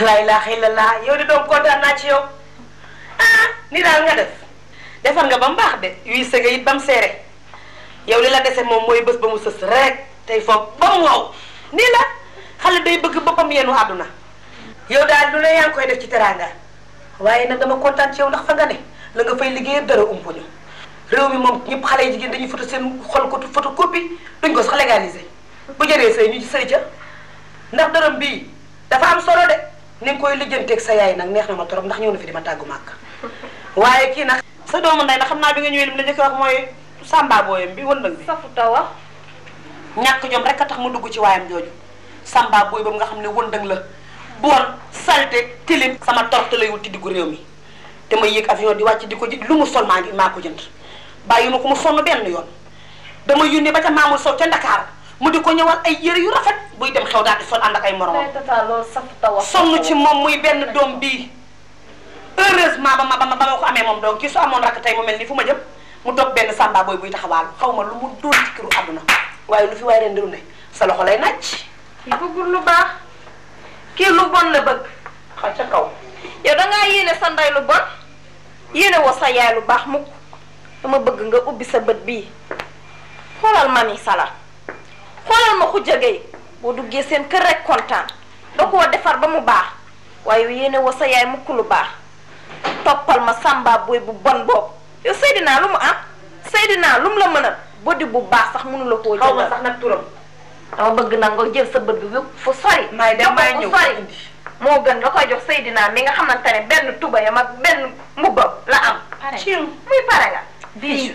laa ilaaha illallaah yow di doom kontaan naa ci yow ah ni daal nga def defar nga ba mu baax de yuy sëgg it ba mu seere yow li la dese moom mooy bés ba mu sës rek tey foog ba mu wow nii la xale day bëgg boppam yenu àdduna yow daal du la yaa ngi koy def ci teraanga waaye nag dama kontaan ci yow ndax fa nga ne la nga fay liggéey dara umpuñu réew mi moom ñëpp xale yi jigéen dañuy foto seen xol ko photocopie duñ ko sax légaliser bu jëree sëy ñu ci sëy ca ndax dërëm bii ni nga koy lijjanteeg sa yaay nag neex na ma torop ndax ñëw na fi di ma tàggu màkk waaye kii nag sa doomu ndey nag xam naa bi nga ñëwee lim la njëkk wax mooy sàmba bi wëndëng bi safu tawa ñàkk jom rek a tax mu dugg ci waayam jooju sàmba booy boobu nga xam ne wëndëng la bon salté tilim sama torte lay wut ci réew mi te may yéeg avion di wàcc di ko ji lu mu sol maa ngi maa ko jënd bàyyi ma ko mu sonn benn yoon dama yónnee ba ca maamul sow ca Ndakaar mu di ko ñëwal ay yére yu rafet buy dem xew daal di sol ànd ak ay moromam sonn ci moom muy benn doom bii heureusement ba ma ba ma ba ma ko amee moom donc kii su amoon rakk tey mu mel ni fu ma jëm mu toog benn sàmba buy taxawaalu xaw ma lu mu dóor ci këru àdduna waaye lu fi waaye ren ne sa loxo lay nàcc kii bëggul lu baax kii lu bon la bëgg xa ca kaw yow dangaa yéene sa ndey lu bon yéene woo sa yaay lu baax mukk dama bëgg nga ubbi sa bët bii xoolal mami sala xoolal ma xujja gay boo duggee seen kër rek kontaan da koo defar ba mu baax waaye yéene woo sa yaay mukk lu baax toppal ma sàmba boy bu bon boobu yow Seydina lu mu am Seydina lu mu la mën a bodi bu baax sax mënu la koo jël xaw ma sax nag bëgg nag jël sa bët bi wépp fu sori may moo gën la koy jox Seydina mi nga xamante ne benn yam ak benn mbubbam la am ci muy pare nga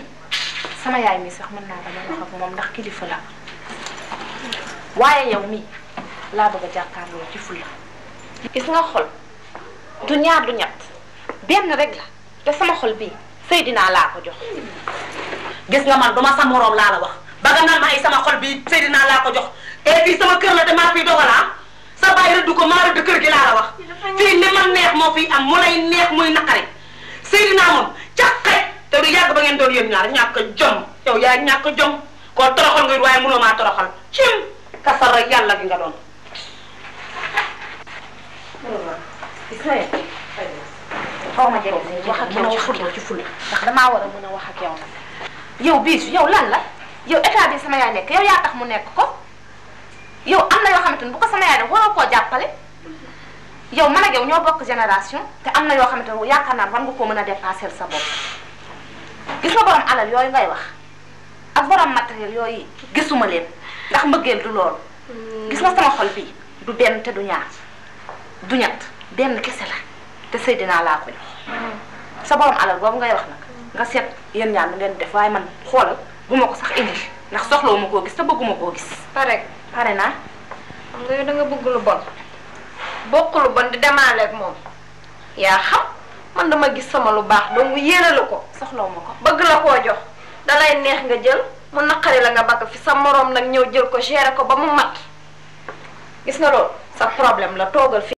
sama yaay mi sax mën naa dama wax moom ndax kilifa la waaye yow mii laa bëgg a jàkkaarloo ci fulla gis nga xol du ñaar du ñett benn rek la te sama xol bii Seydina laa ko jox gis nga man du ma sa moroom laa wax ba nga naan ma ay sama xol laa ko jox et eh, puis sama kër la te maa fiy doxalaa ah. sa bàyyi rëdd ko maa rëdd kër gi laa la wax fii ni ma neex moo fiy am mu lay neex muy naqari Seydina moom caqe te du yàgg ba ngeen doon yéen ñaar ñàkk jom yow yaa ñàkk jom koo toroxal nga waaye mënoo maa toroxal cim kasar rek yàlla gi nga doon. xaw ma jege si wax ak yow ci fulla ci fulla ndax damaa war a mën a wax ak yow nag yow biisu yow lan la yow état bi sama yaay nekk yow yaa tax mu nekk ko yow am na yoo xamante ni bu ko sama yaay def waroo koo jàppale yow man ak ñoo bokk génération te am na yoo xamante ne yaakaar naa war nga koo mën a dépasser sa bopp gis nga borom alal yooyu ngay wax ak borom matériel yooyu gisuma leen ndax mbëggeel du lool hmm. gis na sama xol bi du benn te du ñaar du ñett benn kese la te sëy dinaa laa ko jox hmm. sa borom alal boobu ngay wax nag nga seet yéen ñaar ngeen def waaye man xoolal bu ma ko sax indi ndax soxlawuma koo gis te bëgguma koo gis pare pare naa xam nga yow da nga bëgg lu bon bokk lu bon di ak moom yaa xam man dama gis sama lu baax donc yéene la ko soxlawuma ko bëgg la koo jox dalay neex nga jël mu naqari la nga bakk fi sa moroom nag ñëw jël ko gérer ko ba mu mat gis nga loolu sa problème la toogal fii